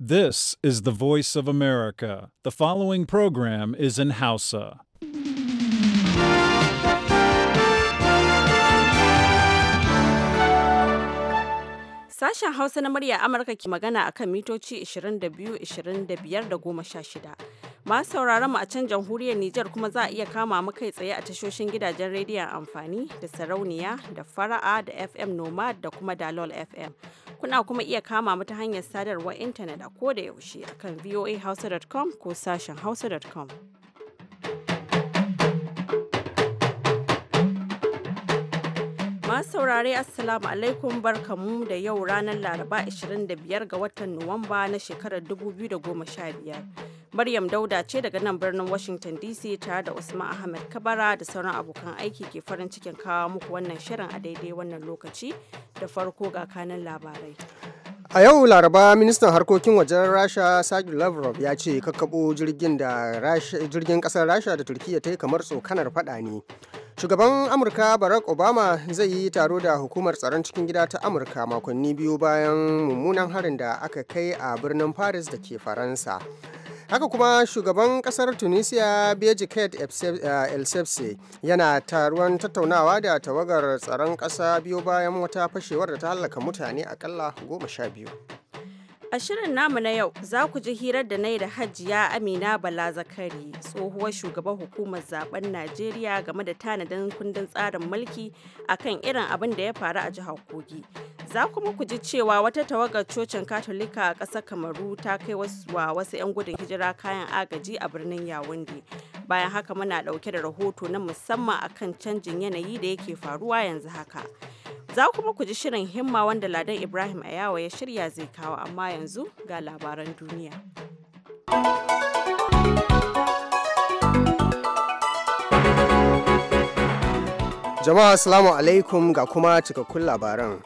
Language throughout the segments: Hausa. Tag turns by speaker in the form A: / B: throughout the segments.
A: This is the voice of America. The following program is in Hausa.
B: Sashen Hausa na murya Amurka ke magana akan mitoci 22, 25 da 16. Masu sauraron mu a can jamhuriyar Nijar kuma za a iya kama mu kai tsaye a tashoshin gidajen rediyon amfani da sarauniya da fara'a da FM Nomad da kuma Dalol FM. Kuna kuma iya kama mu ta hanyar sadarwar intanet a koda yaushe akan voahausa.com ko sashen hausa.com. saurare Assalamu alaikum barkamu da yau ranar Laraba 25 ga watan Nuwamba na shekarar 2015. Maryam Dauda ce daga nan birnin Washington DC tare da Usman Ahmed Kabara da sauran abokan aiki ke farin cikin kawo muku wannan shirin a daidai wannan lokaci da farko ga kanan labarai.
C: A yau Laraba ministan harkokin wajen Rasha Sergei Lavrov ya ce kakkabo jirgin da jirgin kasar Rasha da Turkiyya ta yi kamar tsokanar fada ne. Shugaban Amurka Barack Obama zai yi taro da hukumar tsaron cikin gida ta Amurka makonni biyu bayan mummunan harin da aka kai a birnin Paris da ke Faransa. haka kuma shugaban kasar tunisia bejiket kate eh, el yana taruwan tattaunawa da tawagar tsaron kasa biyu bayan wata fashewar da ta halaka mutane akalla goma sha biyu
B: A shirin namu na yau za ku ji hirar da na yi da hajiya Amina Bala Zakari tsohuwar shugaban hukumar zaben Najeriya game da tanadin kundin tsarin mulki akan irin abin da ya faru a jihar Kogi. Za kuma ku ji cewa wata tawagar cocin Katolika a ƙasar Kamaru ta kai wa wasu 'yan gudun hijira kayan agaji a birnin Yawunde. Bayan haka muna ɗauke da rahoto na musamman akan canjin yanayi da yake faruwa yanzu haka. Za kuma ku ji shirin himma wanda Ladan Ibrahim Ayawa ya shirya zai kawo amma yanzu ga labaran duniya.
C: Jama'a Assalamu alaikum ga kuma cikakkun labaran.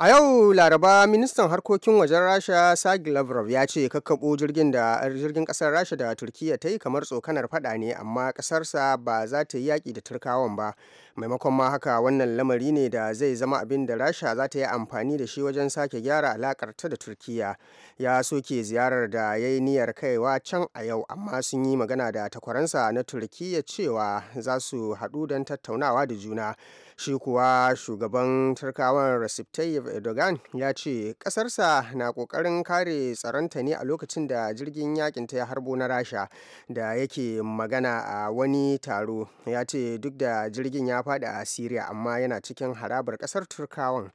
C: A yau Laraba ministan harkokin wajen Rasha Sagi Lavrov ya ce kakkaɓo jirgin da jirgin ƙasar Rasha da Turkiyya ta yi kamar tsokanar faɗa ne amma ƙasarsa ba za ta yi yaki da Turkawan ba. Maimakon ma haka wannan lamari ne da zai zama abin da Rasha za ta yi amfani da shi wajen sake gyara alakar ta da Turkiyya. Ya soke ziyarar da ya yi niyyar kaiwa can a yau amma sun yi magana da takwaransa na Turkiyya cewa za su haɗu don tattaunawa da juna. shi kuwa shugaban turkawan recep tayyip erdogan ya ce ƙasarsa na ƙoƙarin kare tsaronta ne a lokacin da jirgin yakin ta ya harbo na rasha da yake magana a wani taro ya ce duk da jirgin ya faɗi a syria amma yana cikin harabar ƙasar turkawan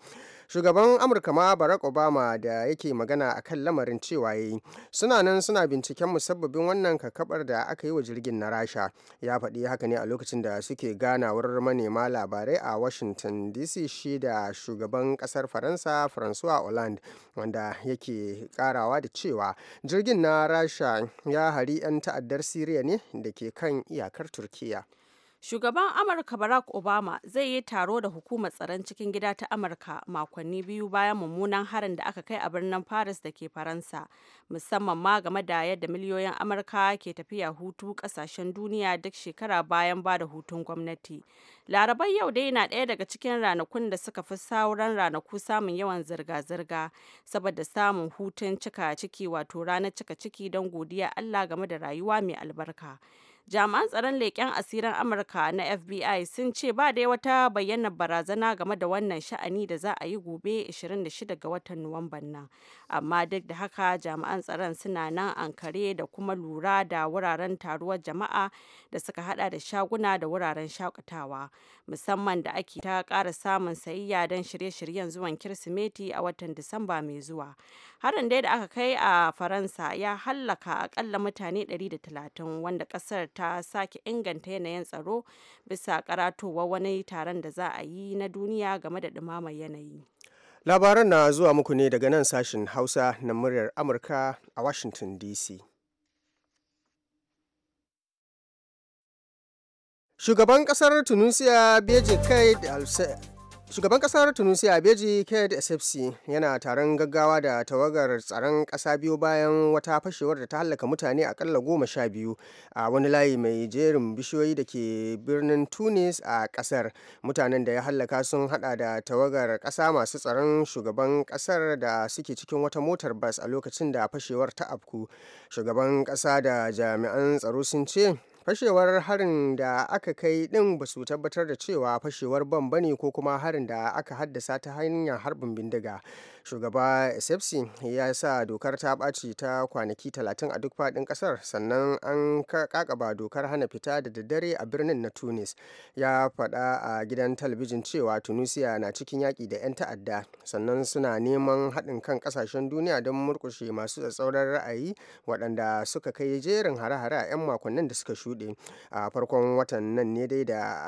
C: shugaban amurka ma barack obama da yake magana a kan lamarin cewa ya yi suna nan suna binciken musabbabin wannan kakabar da aka yi wa jirgin na rasha ya faɗi haka ne a lokacin da suke ganawar manema labarai a washington dc shi da shugaban ƙasar faransa francois hollande wanda yake karawa da cewa jirgin na rasha ya hari 'yan ta'addar siriya ne da ke kan iyakar turkiya
B: Shugaban Amurka Barack Obama zai yi taro da hukumar tsaron cikin gida ta Amurka makonni biyu bayan mummunan harin da aka kai a birnin Paris da ke Faransa, musamman ma game da yadda miliyoyin Amurka ke tafiya hutu kasashen duniya duk shekara bayan ba da hutun gwamnati. Larabar yau dai na ɗaya daga cikin ranakun da suka fi sauran ranaku samun yawan zirga-zirga saboda samun hutun cika ciki wato ranar cika ciki don godiya Allah game da rayuwa mai albarka. jami'an tsaron leƙen asirin amurka na fbi sun ce ba da wata bayyana barazana game da wannan sha'ani da za a yi gobe 26 ga watan nuwamban nan amma duk da haka jami'an tsaron suna nan an kare da kuma lura da wuraren taruwar jama'a da suka hada da shaguna da wuraren shakatawa musamman da ake ta kara samun sayayya don shirye-shiryen zuwan kirsimeti a watan disamba mai zuwa harin dai da aka kai a faransa ya hallaka akalla mutane 130 wanda ƙasar ta sake inganta yanayin tsaro bisa karatowa wani taron da za a yi na duniya game da ɗumamar yanayi.
C: Labaran na zuwa muku ne daga nan sashen Hausa na muryar Amurka a Washington DC. Shugaban kasar Tunisia Beji Kaid shugaban kasar tunisia beji ked sfc yana taron gaggawa da tawagar tsaron kasa biyu bayan wata fashewar da ta hallaka mutane akalla goma sha biyu a wani layi mai jerin bishiyoyi da ke birnin tunis a kasar mutanen da ya hallaka sun hada da tawagar kasa masu tsaron shugaban kasar da suke cikin wata motar bas a lokacin da fashewar ta afku shugaban kasa da jami'an tsaro sun ce fashewar harin da aka kai din ba su tabbatar da cewa fashewar bam ne ko kuma harin da aka haddasa ta hanyar harbin bindiga shugaba sepsi ya sa dokar ta ɓaci ta kwanaki 30 a duk faɗin ƙasar sannan an kakaba dokar hana fita da daddare a birnin na tunis ya faɗa a gidan talabijin cewa tunisia na cikin yaƙi da 'yan ta'adda sannan suna neman haɗin kan ƙasashen duniya don murƙushe masu tsatsauran ra'ayi waɗanda suka kai jerin hare-hare a 'yan makonnin da suka shuɗe a farkon watan nan ne dai da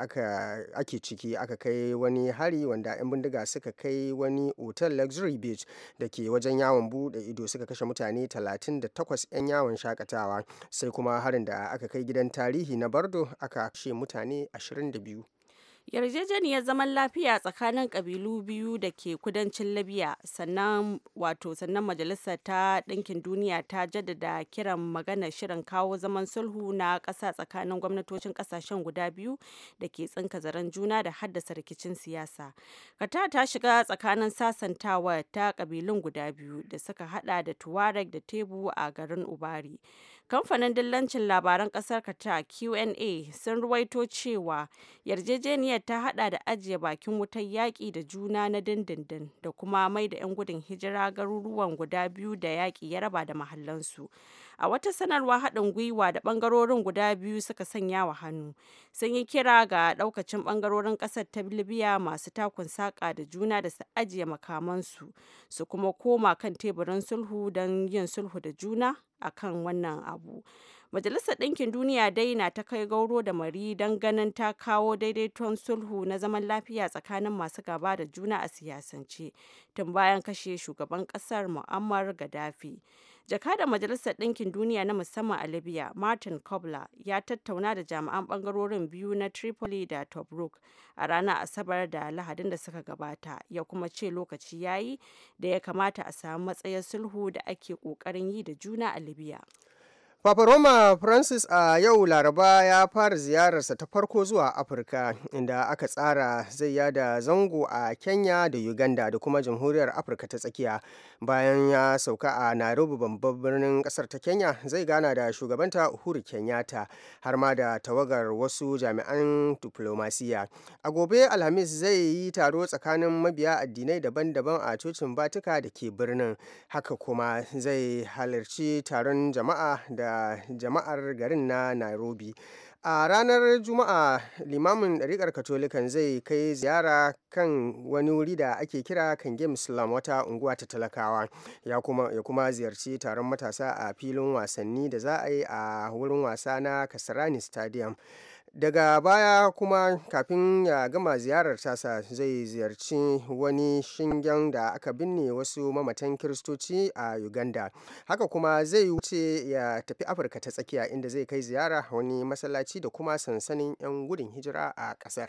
C: ake ciki aka kai wani hari wanda 'yan bindiga suka kai wani otal luxury beach da ke wajen yawon bude ido suka kashe mutane 38 'yan yawon shakatawa sai kuma harin da aka kai gidan tarihi na bardo aka kashe mutane 22
B: yarjejeniyar zaman lafiya tsakanin kabilu biyu da ke kudancin libya sannan wato sannan majalisar ta ɗinkin duniya ta jaddada kiran magana shirin kawo zaman sulhu na ƙasa tsakanin gwamnatocin ƙasashen guda biyu da ke tsinka zaren juna da haddasa rikicin siyasa kata ta shiga tsakanin sasantawa ta kabilun guda biyu da suka hada da tuareg da tebu a garin ubari Kamfanin dillancin labaran ƙasar ta QNA sun ruwaito cewa yarjejeniyar ta hada da ajiye bakin wutar yaƙi da juna na dindindin da kuma mai da 'yan gudun hijira garuruwan guda biyu da yaƙi ya raba da mahallansu. a wata sanarwa haɗin gwiwa da ɓangarorin guda biyu suka sanya wa hannu sun yi kira ga ɗaukacin ɓangarorin ƙasar ta libya masu takun saƙa da juna da su ajiye makamansu su kuma koma kan teburin sulhu don yin sulhu da juna a kan wannan abu Majalisar Ɗinkin Duniya dai na ta kai gauro da mari don ganin ta kawo daidaiton sulhu na zaman lafiya tsakanin masu gaba da juna a siyasance tun bayan kashe shugaban ƙasar Muammar Gaddafi. jakadan majalisar ɗinkin duniya na musamman a libya martin kobler ya tattauna da jami'an ɓangarorin biyu na tripoli da tobruk a ranar asabar da lahadin da suka gabata ya kuma ce lokaci ya yi da ya kamata a samu matsayar sulhu da ake ƙoƙarin yi da juna a libya
C: Papa Roma Francis a yau Laraba ya fara ziyararsa ta farko zuwa Afirka inda aka tsara zai yada zango a Kenya da Uganda da kuma Jamhuriyar Afirka ta tsakiya. Bayan ya sauka a Nairobi babban birnin kasar ta Kenya zai gana da shugabanta Uhuru Kenyatta har ma da tawagar wasu jami'an diplomasiya. A gobe Alhamis zai yi taro tsakanin mabiya addinai daban-daban a cocin Batika da ke birnin. Haka kuma zai halarci taron jama'a da a jama'ar garin na nairobi a ranar juma'a limamin ɗariƙar katolikan zai kai ziyara kan wani wuri da ake kira kan slam wata unguwa ta talakawa ya kuma, ya kuma ziyarci taron matasa a filin wasanni da za a yi a wurin wasa na kasarani stadium daga baya kuma kafin ya gama ziyarar tasa zai ziyarci wani shingen da aka binne wasu mamatan kiristoci a uganda haka kuma zai wuce ya tafi afirka ta tsakiya inda zai kai ziyara wani masallaci da kuma sansanin 'yan gudun hijira a kasar.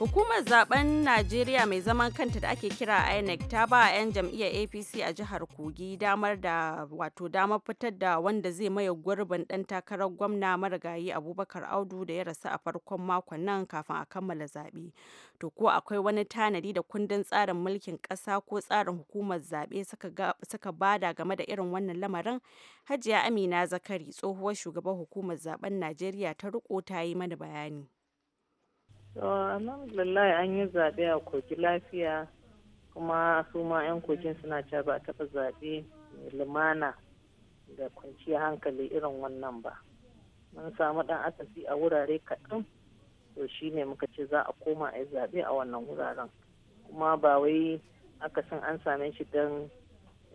B: Hukumar zaben Najeriya mai zaman kanta da ake kira INEC ta ba 'yan jam'iyyar APC a jihar Kogi damar da wato damar fitar da wanda zai maye gurbin ɗan takarar gwamna marigayi Abubakar Audu da ya rasu a farkon makon nan kafin a kammala zaɓe. To ko akwai wani tanadi da kundin tsarin mulkin ƙasa ko tsarin hukumar zaɓe suka bada game da irin wannan lamarin? Hajiya Amina Zakari tsohuwar shugaban hukumar zaben Najeriya ta riko ta yi mana bayani.
D: to an yi zaɓe a kogi lafiya kuma su ma 'yan kogin suna cewa ba a taɓa zaɓe mai lumana da kwanciya hankali irin wannan ba mun samu ɗan akasi a wurare kaɗan to shi ne muka ce za a koma a yi zaɓe a wannan wuraren kuma ba wai akasin an same shi don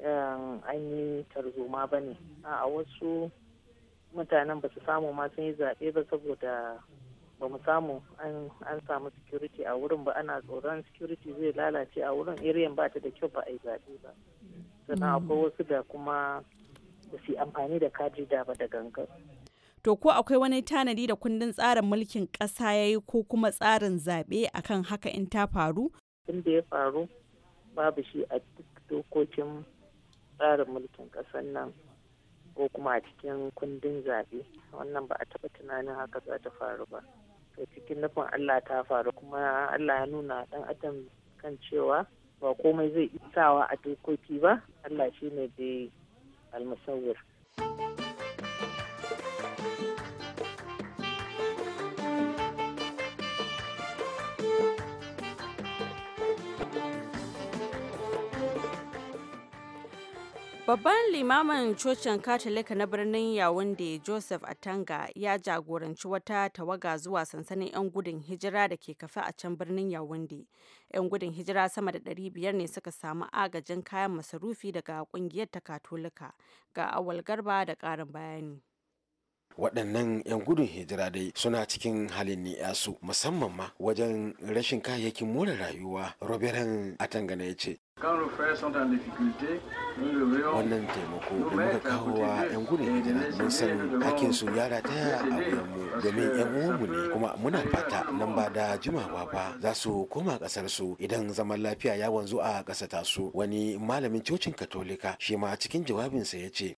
D: um, an yi tarzoma ba ne a wasu mutanen ba su samu ma sun yi zaɓe ba saboda ba mu samu an samu security a wurin ba ana tsoron security zai lalace a wurin iriyan ba ta da kyau ba a yi zaɓe ba sannan mm. akwai wasu da kuma da su amfani da kaji da ba da gangan
B: to ko akwai wani tanadi da kundin tsarin mulkin ƙasa ya yi ko kuma tsarin zaɓe akan haka in ta faru
D: in da ya faru babu shi a duk dokokin tsarin mulkin ƙasar nan ko kuma a cikin kundin zaɓe wannan ba a taɓa tunanin haka za ta faru ba da cikin nufin Allah ta faru kuma Allah ya nuna dan adam kan cewa ba komai zai isawa a dokoki ba Allah shine dai almasawar.
B: Babban limamin cocin Katolika na birnin Yawunde Joseph Atanga ya jagoranci wata tawaga zuwa sansanin 'yan gudun hijira da ke kafa a can birnin Yawunde. 'Yan gudun hijira sama da 500 ne suka samu agajin kayan masarufi daga kungiyar ta Katolika ga awal garba da ƙarin bayani.
E: waɗannan 'yan gudun hijira dai suna cikin halin yasu musamman ma wajen rashin kayayyakin more rayuwa roberan atangana ya ce
F: wannan taimako da muka kawo wa 'yan gudun
E: hijira mun san hakin su yara ta a mu domin 'yan uwanmu ne kuma muna fata nan ba da jimawa ba za su koma kasar su idan zaman lafiya ya wanzu a ƙasa su. wani malamin cocin katolika shi ma cikin jawabinsa ya ce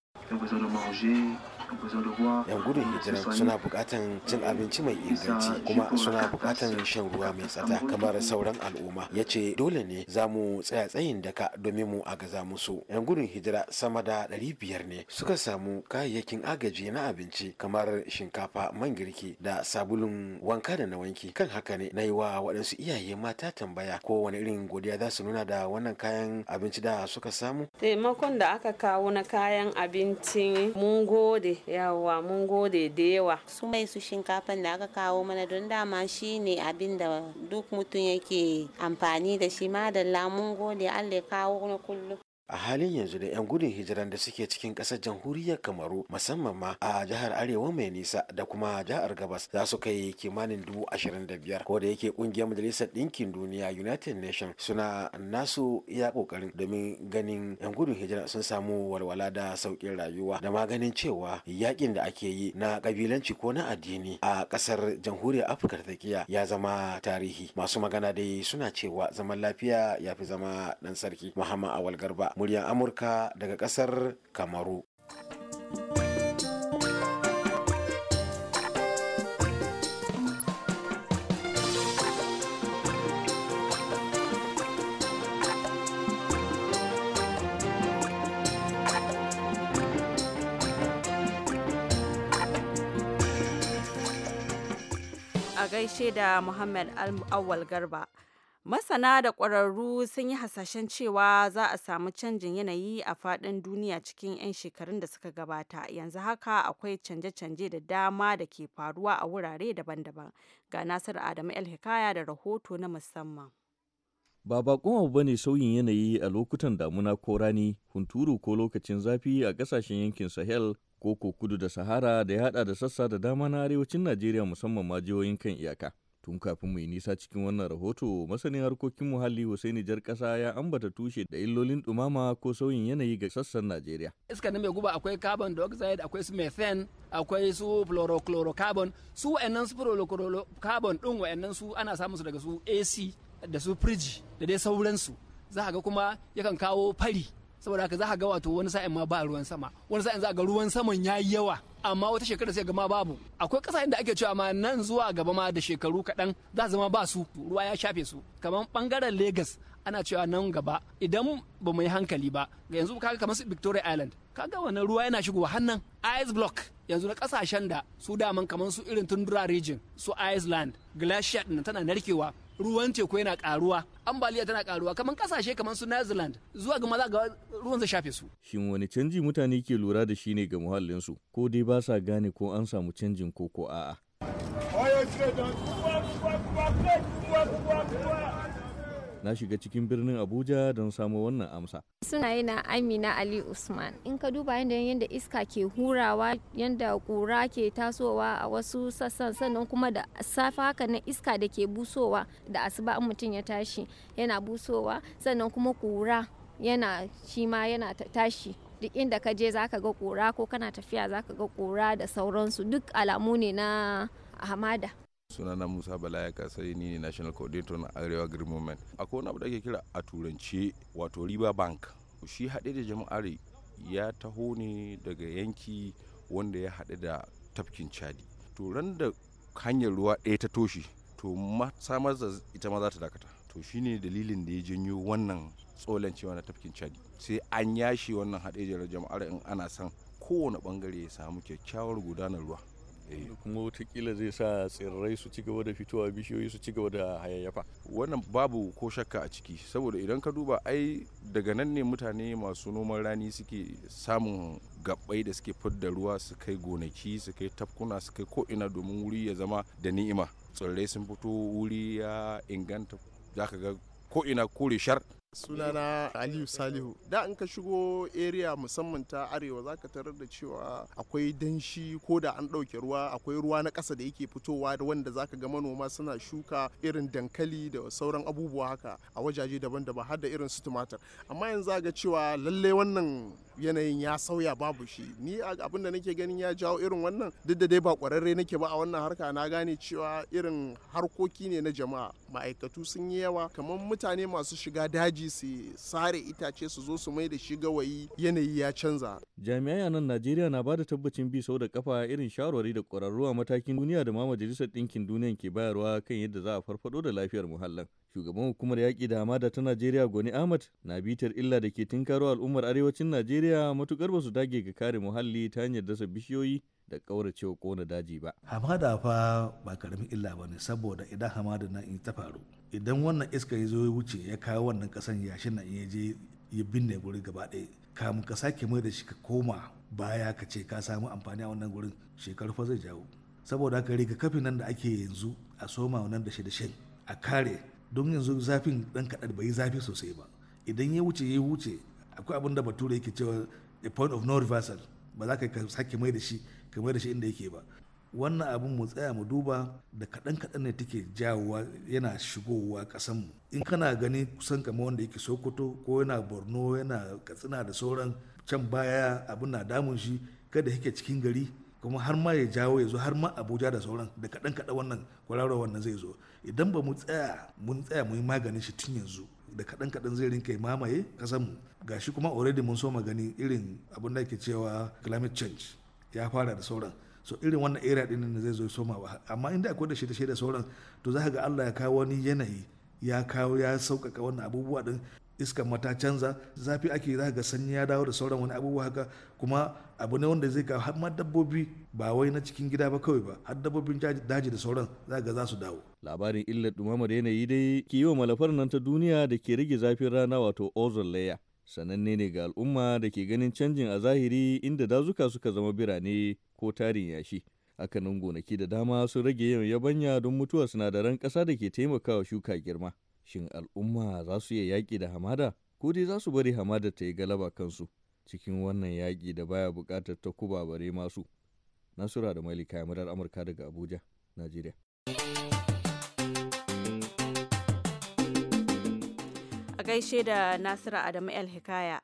G: yan gudun hijira suna
E: bukatan cin abinci mai inganci kuma suna bukatan shan ruwa mai tsata kamar sauran al'umma ya ce dole ne za mu tsaya tsayin daka domin mu agaza musu yan gudun hijira sama da ɗari biyar ne suka samu kayayyakin agaji na abinci kamar shinkafa man girki da sabulun wanka da na wanki kan haka ne na yi wa waɗansu iyaye mata tambaya ko wani irin godiya za su nuna da wannan kayan abinci da suka samu
B: taimakon da aka kawo na kayan abinci mun gode yawa mun gode da yawa su mai su shinkafan da aka kawo mana don dama shi ne abin da duk mutum yake amfani da shi madalla mun gode allah ya kawo na kullum
E: a halin yanzu da 'yan gudun hijiran da suke cikin ƙasar jamhuriyar kamaru musamman ma a jihar arewa mai nisa da kuma jihar gabas za su kai kimanin dubu ashirin da biyar ko da yake ƙungiyar majalisar ɗinkin duniya united nations suna nasu iya ƙoƙarin domin ganin 'yan gudun hijira sun samu walwala da sauƙin rayuwa da maganin cewa yakin da ake yi na ƙabilanci ko na addini a ƙasar jamhuriyar afirka ta tsakiya ya zama tarihi masu magana dai suna cewa zaman lafiya ya fi zama ɗan sarki muhammad awal garba Muryar amurka daga kasar kamaru
B: gaishe da Muhammad al Awal Garba. Masana da ƙwararru sun yi hasashen cewa za a samu canjin yanayi a faɗin duniya cikin 'yan shekarun da suka gabata. Yanzu haka akwai canje-canje da dama da ke faruwa a wurare daban-daban. Ga Nasiru Adamu El-Hikaya da rahoto na musamman.
H: Ba baƙon abu ne sauyin yanayi a lokutan damuna ko rani, hunturu ko lokacin zafi a ƙasashen yankin Sahel ko kudu da Sahara da ya haɗa da sassa da dama na arewacin Najeriya musamman ma jihohin kan iyaka. Tun kafin mu yi nisa cikin wannan rahoto, masanin harkokin muhalli Hussaini Jar ƙasa ya ambata tushe da illolin dumama ko sauyin yanayi ga sassan Najeriya.
A: Iska na mai guba akwai carbon dioxide, akwai su methane, akwai su fluorochlorocarbon, su wa'annan su fluorochlorocarbon ɗin wa'annan su ana samun su daga su AC da su fridge da dai sauransu. Za a ga kuma yakan kawo fari saboda haka za ka ga wato wani sa'in ma ba ruwan sama wani sa'in za ga ruwan saman ya yi yawa amma wata shekara sai ga babu akwai ƙasashen da ake cewa ma nan zuwa gaba ma da shekaru kaɗan za zama ba su ruwa ya shafe su kamar ɓangaren Legas ana cewa nan gaba idan ba mu yi hankali ba ga yanzu kaga kamar su Victoria Island kaga wannan ruwa yana shigowa hannan ice block yanzu na kasashen da su daman kamar su irin tundura region su Iceland glacier tana narkewa ruwan teku yana karuwa ambaliya tana karuwa kamar kasashe kamar su Netherland zuwa ga maza ga ruwan zai shafe su
H: shin wani canji mutane ke lura da shi ne ga muhallin su ko dai ba sa gane ko an samu canjin ko ko a'a na shiga cikin birnin abuja don samo wannan amsa
B: sunaye na amina ali usman in ka duba yadda yadda iska ke hurawa yadda kura ke tasowa a wasu sassan sannan kuma da safa haka na iska da ke busowa da asuba in mutum ya tashi yana busowa sannan kuma kura yana shi ma yana tashi duk inda ka je zaka ga kura ko kana tafiya zaka ga kura da sauransu duk alamu ne na hamada
G: sunana musa bala ya
A: kasai ni ne national coordinator na arewa green movement akwai wani abu da ke kira a turance wato riba bank shi haɗe da jama'ar ya taho ne daga yanki wanda ya haɗe da tafkin chadi to ran da hanyar ruwa ɗaya ta toshi to samar da ita ma za ta dakata to shine dalilin da ya janyo wannan tsolan na tafkin chadi sai an yashe wannan haɗe da jama'ar in ana son kowane bangare ya samu kyakkyawar gudanar ruwa Eh. kuma watakila zai sa tsirrai su ci gaba da fitowa bishiyoyi su ci gaba da hayayyafa wannan babu ko shakka a ciki saboda idan ka duba ai daga nan ne mutane masu noman rani suke samun gabbai da suke fidda ruwa su kai gonaki su kai tafkuna su kai ko'ina domin wuri ya zama da ni'ima tsirrai sun fito wuri ya inganta za ka ga ko'ina kore shar
C: sunana aliyu
A: salihu da in ka shigo area musamman ta arewa zaka tarar da cewa akwai danshi ko da an ɗauke ruwa akwai ruwa na kasa da yake fitowa da wanda zaka ga manoma suna
C: shuka irin dankali da sauran abubuwa haka a wajaje daban-daban har da irin su tumatir amma
A: yanzu za ga cewa lallai wannan yanayin ya sauya babu shi ni abin da nake ganin ya jawo irin wannan duk da dai ba kwararre nake ba a wannan harka na gane cewa irin harkoki ne na jama'a ma'aikatu sun yi yawa kamar mutane masu shiga daji daji su sare
C: itace su zo su mai da shi gawayi yanayi
A: ya canza
H: jami'ai a nan najeriya na bada tabbacin bi sau da kafa irin shawarwari da ƙwararru a matakin duniya da ma majalisar ɗinkin duniyan ke bayarwa kan yadda za a farfado da lafiyar muhallin shugaban hukumar yaƙi da hamada ta najeriya goni ahmad na bitar illa da ke tinkaro al'ummar arewacin najeriya matukar ba su dage ga kare muhalli ta hanyar dasa bishiyoyi da ƙauracewa kona daji ba
G: hamada fa ba karamin illa ba ne saboda idan hamada na in ta faru idan wannan iska ya zo ya wuce ya kawo wannan kasan yashin nan ya je ya binne guri gaba ɗaya kamun ka sake mai da shi ka koma baya ka ce ka samu amfani a wannan gurin shekaru fa zai jawo saboda haka riga kafin nan da ake yanzu a soma wannan da shi da shin a kare don yanzu zafin dan kaɗan bai zafi sosai ba idan ya wuce ya wuce akwai abin da bature yake cewa a point of no reversal ba za ka sake mai da shi ka mai da shi inda yake ba wannan abin mu tsaya mu duba da kaɗan kaɗan ne take jawowa yana shigowa mu in kana gani kusan kamar wanda yake sokoto ko yana borno yana katsina da sauran can baya abin na damun shi kada yake cikin gari kuma har ma ya jawo ya zo har ma abuja da sauran da kaɗan kaɗan wannan kwararwa wannan zai zo idan ba mu tsaya mun tsaya mu yi maganin shi tun yanzu da kaɗan kaɗan zai rinka ya mamaye mu gashi kuma already mun so magani irin abin da ke cewa climate change ya fara da sauran so irin wannan area din ne zai zo soma ba amma inda akwai da shi da shi da sauran to za ga Allah ya kawo wani yanayi ya kawo ya sauƙaƙa wannan abubuwa din iskan mata canza zafi ake za ga sanyi ya dawo da sauran wani abubuwa haka kuma abu ne wanda zai kawo har ma dabbobi ba wai na cikin gida ba kawai ba har dabbobin daji da sauran za ga za su dawo
H: labarin illar dumamar yanayi dai yi wa malafar nan ta duniya da ke rage zafin rana wato ozone layer sananne ne ga al'umma da ke ganin canjin a zahiri inda dazuka suka zama birane ko tarin yashi hakanan gonaki da dama sun rage yawan yabanya don mutuwar sinadaran ƙasa da ke taimakawa shuka girma shin al'umma za su iya yaƙi da hamada ko dai za su bari hamada ta yi galaba kansu cikin wannan yaƙi da baya buƙatar ta kubabare masu nasura da malika murar amurka daga abuja najeriya
B: gaishe da Nasiru Adamu El Hikaya.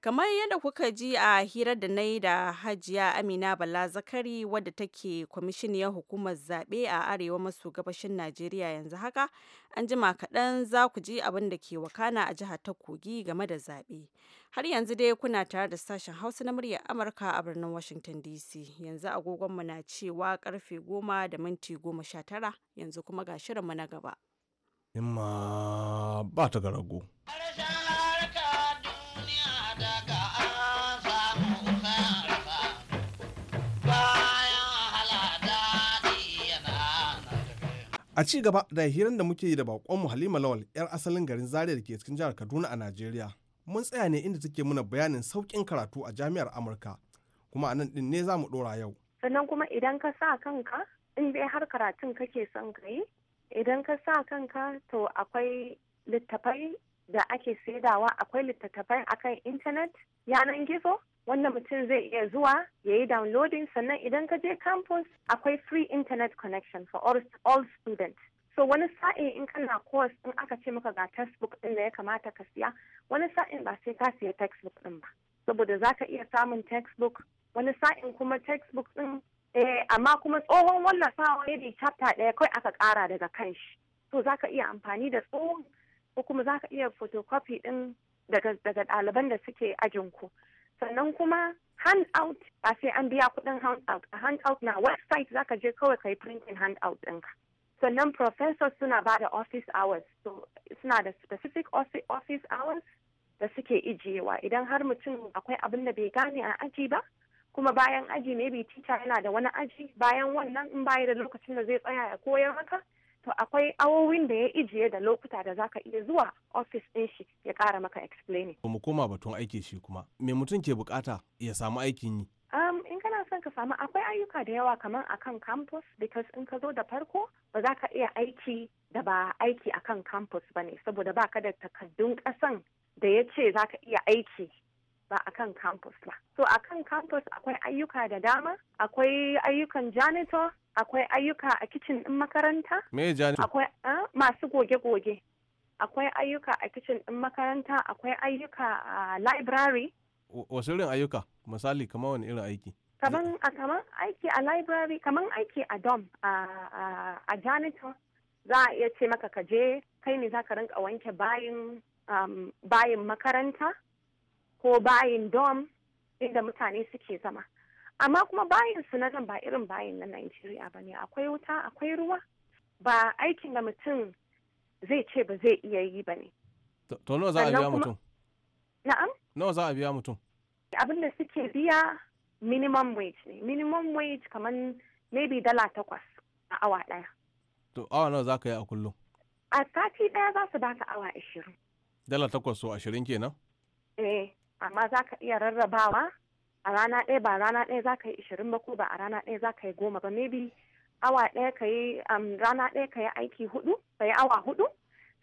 B: Kamar yadda kuka ji a hirar da na yi da Hajiya Amina Bala Zakari wadda take kwamishiniyar hukumar zaɓe a arewa maso gabashin Najeriya yanzu haka, an jima kaɗan za ku ji abin da ke wakana a jihar ta Kogi game da zaɓe. Har yanzu dai kuna tare da sashen Hausa na muryar Amurka a birnin Washington DC. Yanzu agogonmu na cewa karfe goma da minti goma sha tara yanzu kuma ga shirinmu na gaba.
F: imma ba ta ga rago. A ci gaba da hirin da muke yi da bakonmu Halima Lawal 'yar asalin garin Zaria da ke cikin jihar Kaduna a Najeriya. Mun tsaya ne inda take muna bayanin sauƙin karatu a jami'ar Amurka. Kuma a nan ɗin ne za mu ɗora
I: yau. Sannan kuma idan ka sa kanka in dai har karatun kake son ka yi idan ka sa kanka to akwai littafai da ake saidawa akwai littattafai akan intanet yanan gizo wanda mutum zai iya zuwa ya yi downloading sannan idan ka je campus akwai free internet connection for all, all students so wani sa'in in kana course in aka ce maka ga textbook din da ya kamata ka siya wani sa'in ba sai ka siya textbook din ba saboda za ka iya samun textbook wani sa'in kuma textbook din eh amma kuma tsohon wallafawa ne da chapter ɗaya kawai aka kara daga kan shi to zaka iya amfani da tsohon ko kuma zaka iya photocopy ɗin daga daga ɗaliban da suke ajinku sannan kuma handout ba sai an biya kuɗin handout a handout na website zaka je kawai ka yi printing handout ɗinka sannan professors suna ba da office hours so suna da specific office hours da suke ijiyewa idan har mutum akwai abin da bai gane a aji ba kuma bayan aji maybe tita yana da wani aji bayan wannan in baya da lokacin da zai tsaya ya koyar maka to akwai awowin da ya ijiye da lokuta da zaka iya zuwa ofis din shi ya kara maka explaining. Mu
F: koma batun aiki shi kuma me mutum ke bukata ya samu aikin yi?
I: Um, in kana son ka samu akwai ayyuka da yawa kamar akan campus because in ka zo da farko ba za ka iya aiki da ba aiki akan campus ba ne saboda baka da takaddun kasan da ya ce za ka iya aiki ba a kan campus ba. So a kan campus akwai ayyuka da dama, akwai ayyukan janitor, akwai ayyuka a kicin ɗin makaranta. Me janitor? Akwai masu goge-goge. Akwai ayyuka a kicin ɗin makaranta, akwai ayyuka a library.
F: Wasu irin ayyuka? Misali kamar wani irin aiki?
I: Kaman a kaman aiki a library, kaman aiki a dom a janitor. Za a iya ce maka ka je kai ne za ka rinka wanke bayin um, bayin makaranta. ko bayin dom inda mutane suke zama amma kuma bayin su na nan ba irin bayin na Najeriya ba ne akwai wuta akwai ruwa ba aikin da mutum zai ce ba zai iya yi ba ne.
F: To nawa za a biya mutum? Na'am? Nawa za a biya mutum?
I: Abin da suke biya minimum wage ne. Minimum wage kamar maybe dala takwas a awa ɗaya.
F: To awa nawa za ka yi a kullum?
I: A sati ɗaya za su baka awa ashirin.
F: Dala takwas so ashirin kenan?
I: Eh. amma za ka iya rarrabawa a rana ɗaya ba rana ɗaya za ka yi ishirin ba ko ba a rana ɗaya za ka yi goma ba maybe awa ɗaya ka yi um, rana ɗaya ka yi aiki hudu ka yi awa hudu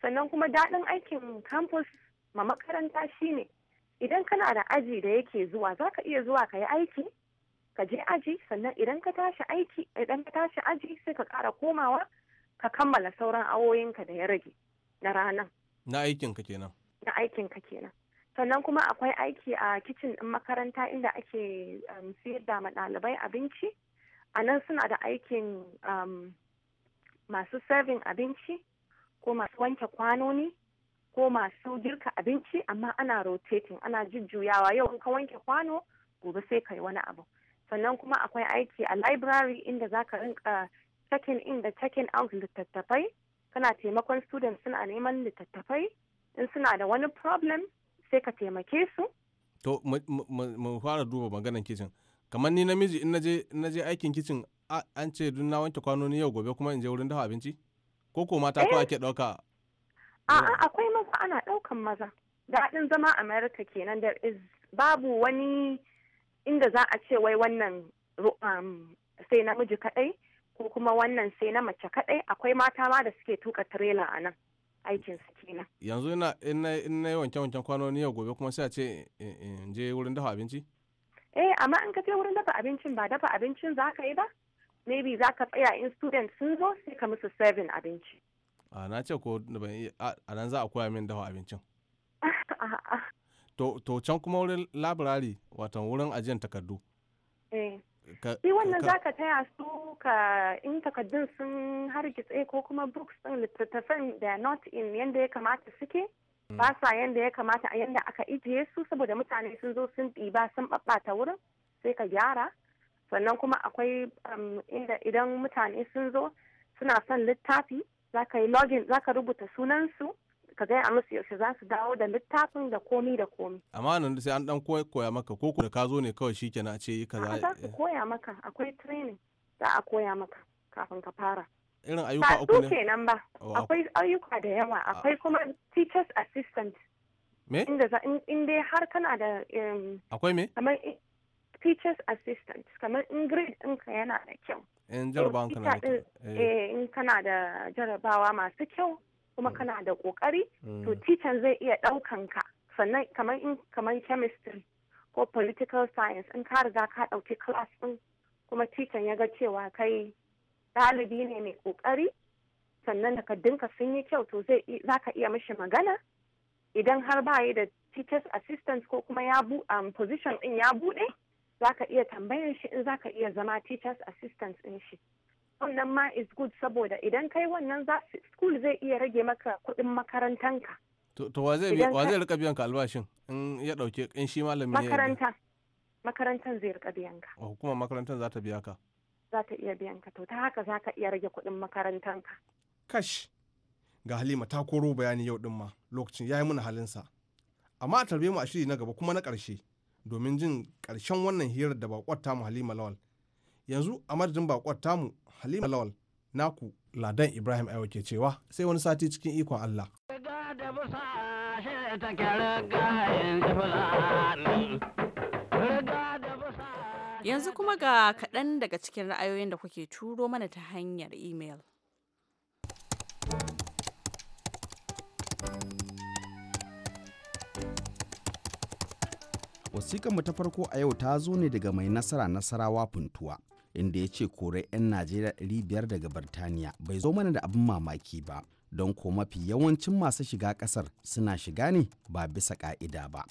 I: sannan kuma daɗin aikin campus ma makaranta shine idan kana da aji da yake zuwa za ka iya zuwa ka yi aiki ka je aji sannan idan ka tashi aiki idan ka tashi aji sai ka kara komawa ka kammala sauran awoyinka da ya rage na ranan
F: na aikinka kenan
I: na aikinka kenan sannan kuma akwai aiki a kicin ɗin makaranta inda ake um, siyar da ma ɗalibai abinci a nan suna da aikin um, masu serving abinci ko masu wanke kwanoni ko masu girka abinci amma ana rotating ana jujjuyawa yau in ka wanke kwano gobe sai kai wani abu sannan kuma akwai aiki a library inda za ka rinka checking in da checking out littattafai kana taimakon students suna neman littattafai in suna da wani problem sai ka taimake su
F: to mu fara duba maganan kicin kamar ni namiji in na je aikin kicin an ce dun na wanke kwanoni yau gobe kuma in je wurin dafa abinci ko ko mata ko eh. ake ɗauka?
I: A'a akwai maza ana daukan maza daɗin zama america kenan there is babu wani inda za a ce wai wannan um, sai namiji kaɗai ko kuma wannan sai na mace kaɗai akwai mata ma da suke tuka tirela a nan aikin su kenan
F: yanzu ina in na yi wanke wanken kwanoni yau gobe kuma sai a ce in je wurin dafa abinci
I: eh amma in ka je wurin dafa abincin ba dafa abincin za ka yi ba maybe za ka tsaya in student sun zo sai ka musu serving abinci
F: a na ce ko a nan za a koya min dafa abincin to can kuma wurin labirari watan wurin ajiyar takardu eh. shi wannan za
I: ka taya su ka in takardun sun hargitse ko kuma books ɗin littattafan da not in yadda ya kamata suke mm. ba sa yadda ya kamata a yadda aka ijiye su saboda mutane sun zo sun ɗiba sun ɓaɓɓata wurin sai ka gyara sannan kuma akwai um, inda idan mutane sun zo suna son littafi za ka yi za ka rubuta sunansu ka gaya a musu yaushe za su dawo da littafin da komi da komi.
F: Amma nan sai an dan koya maka ko da ka zo ne kawai kenan a ce yi kaza. Za su eh.
I: koya maka akwai training za a koya maka kafin ka fara.
F: Irin ayyuka uku ne. kenan
I: ba. Oh, akwai ayyuka da yawa ah. akwai kuma teachers assistant. Me? Inda za in dai har kana da.
F: Akwai me? Kamar
I: teachers assistant kamar in grade ɗinka yana da kyau.
F: In jarabawan kana da kyau.
I: Eh. eh in kana da jarabawa masu kyau kuma mm. kana da kokari to mm. titan zai iya daukan ka sannan kamar in kamar chemistry ko political science in ka riga ka dauki class din kuma titan ya ga cewa kai dalibi ne mai kokari sannan da dinka sun yi kyau to zai za iya mishi magana idan har ba yi da teachers assistant ko kuma ya bu um, position din ya bude zaka iya tambayar shi in zaka iya zama teachers assistant din shi wannan ma is good saboda idan kai wannan za school zai iya rage maka kuɗin makarantanka
F: to wa zai rika biyan ka albashin in ya dauke in shi malami ne makaranta
I: makarantan zai rika biyan ka
F: oh kuma makarantan za ta biya ka
I: za ta iya biyan ka to ta haka za ka iya rage kuɗin makarantanka
F: kash ga halima ta koro bayani yau din ma lokacin ya yi mana halinsa amma a tarbe mu a shiri na gaba kuma na ƙarshe domin jin ƙarshen wannan hirar da bakwar mu halima lawal yanzu a madadin bakwar tamu halima lawal naku ladan ibrahim aiwa ke cewa sai wani sati cikin ikon allah
B: yanzu kuma ga kaɗan daga cikin ra'ayoyin da kuke turo mana ta hanyar email
A: mu ta farko a yau ta zo ne daga mai nasara nasarawa funtuwa inda ya ce korai 'yan najeriya 500 daga birtaniya bai zo mana da abin mamaki ba don ko mafi yawancin masu shiga kasar suna shiga ne ba bisa ka'ida ba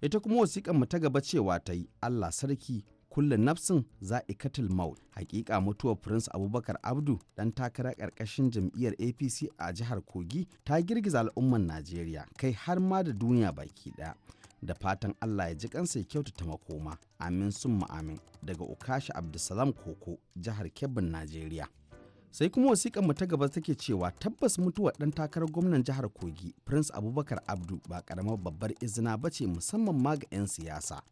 A: ita kuma wasiƙan mu ta gaba cewa ta yi allah sarki kullum nafsin za a katil maut hakika mutuwar prince abubakar abdu dan takara karkashin jam'iyyar apc a jihar kogi ta girgiza al'umman najeriya kai har ma da duniya baki ɗaya. da fatan Allah ya ji kansa ya kyautata makoma amin sun amin daga ukashi abdulsalam koko jihar kebbin najeriya sai kuma wasiƙar mu ta gaba take cewa tabbas mutuwar ɗan takarar gwamnan jihar kogi prince abubakar abdu ba ƙaramar babbar izina ba ce musamman ma ga 'yan siyasa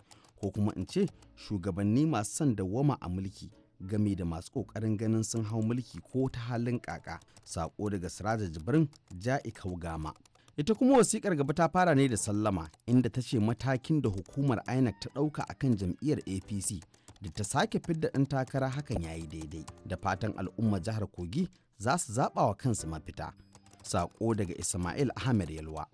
A: ko kuma in ce shugabanni masu son dawwama a mulki game da masu ƙoƙarin ganin sun hau mulki ko ta halin ƙaƙa saƙo daga siraja jibrin ja'i kaugama ita kuma wasikar gaba ta fara ne da sallama inda ta ce matakin da hukumar inec ta ɗauka akan jam'iyyar apc da ta sake fidda ɗan takara hakan ya yi daidai da fatan al'umma jihar kogi za su zaɓa wa kansu mafita saƙo daga ismail ahmed yalwa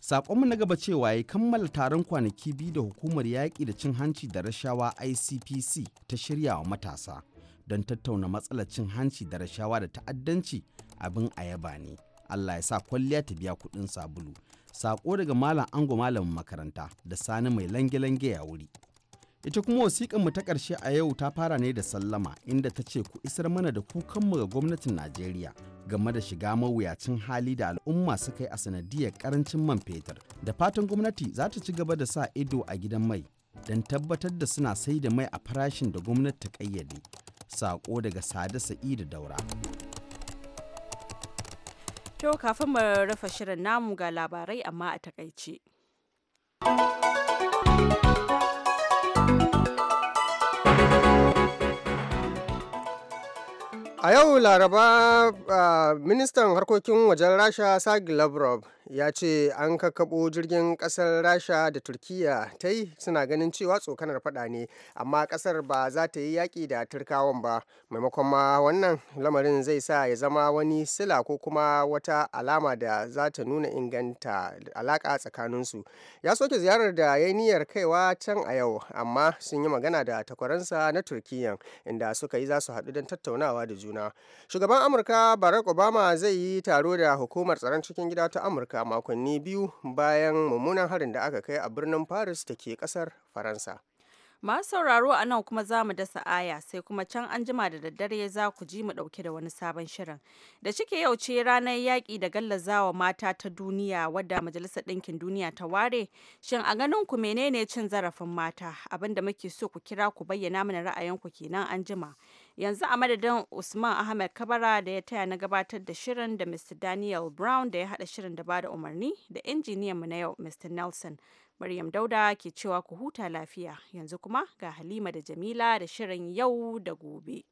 A: saƙonmu na gaba cewa ya kammala taron kwanaki biyu da hukumar yaƙi da cin hanci da rashawa icpc ta shirya wa matasa don tattauna matsalar cin hanci da rashawa da ta'addanci abin ayaba ne Allah ya sa kwalliya ta biya kuɗin sabulu. Sako daga Malam Ango Malamin makaranta da Sani mai lange-lange ya wuri. Ita kuma wasiƙan mu ta ƙarshe a yau ta fara ne da sallama inda ta ce ku isar mana da kukanmu ga gwamnatin Najeriya game da shiga mawuyacin hali da al'umma suka yi a sanadiyar ƙarancin man fetur. Da fatan gwamnati za ta ci gaba da sa ido a gidan mai don tabbatar da suna sai da mai a farashin da gwamnati ta ƙayyade. Sako daga Sada Sa'idu Daura.
B: To kafin mu rufe shirin namu ga labarai amma a takaice.
C: A yau Laraba, uh, ministan harkokin wajen Rasha Sagi Lavrov ya ce an kakkabo jirgin kasar rasha da turkiya ta yi suna ganin cewa tsokanar fada ne amma kasar ba za ta yi yaƙi da turkawan ba maimakon ma wannan lamarin zai sa ya zama wani sila ko kuma wata alama da za ta nuna inganta alaƙa tsakaninsu ya soke ziyarar da ya yi niyyar kaiwa can a yau amma sun yi magana da takwaransa na turkiyan inda suka yi za su haɗu don tattaunawa da juna shugaban amurka barack obama zai yi taro da hukumar tsaron cikin gida ta amurka amurka makonni biyu bayan mummunan harin da aka kai a birnin paris da ke kasar faransa
B: masu sauraro a nan kuma za mu dasa aya sai kuma can an jima da daddare za ku ji mu ɗauke da wani sabon shirin da cike yau ce ranar yaƙi da gallazawa mata ta duniya wadda majalisar ɗinkin duniya ta ware shin a ganin ku menene cin zarafin mata abinda muke so ku kira ku bayyana mana ra'ayinku kenan an jima yanzu a madadin usman ahmed kabara da ya taya na gabatar da shirin da mr daniel brown da ya hada shirin da bada umarni da injiniyanmu na yau mr nelson maryam dauda ke cewa ku huta lafiya yanzu kuma ga halima da jamila da shirin yau da gobe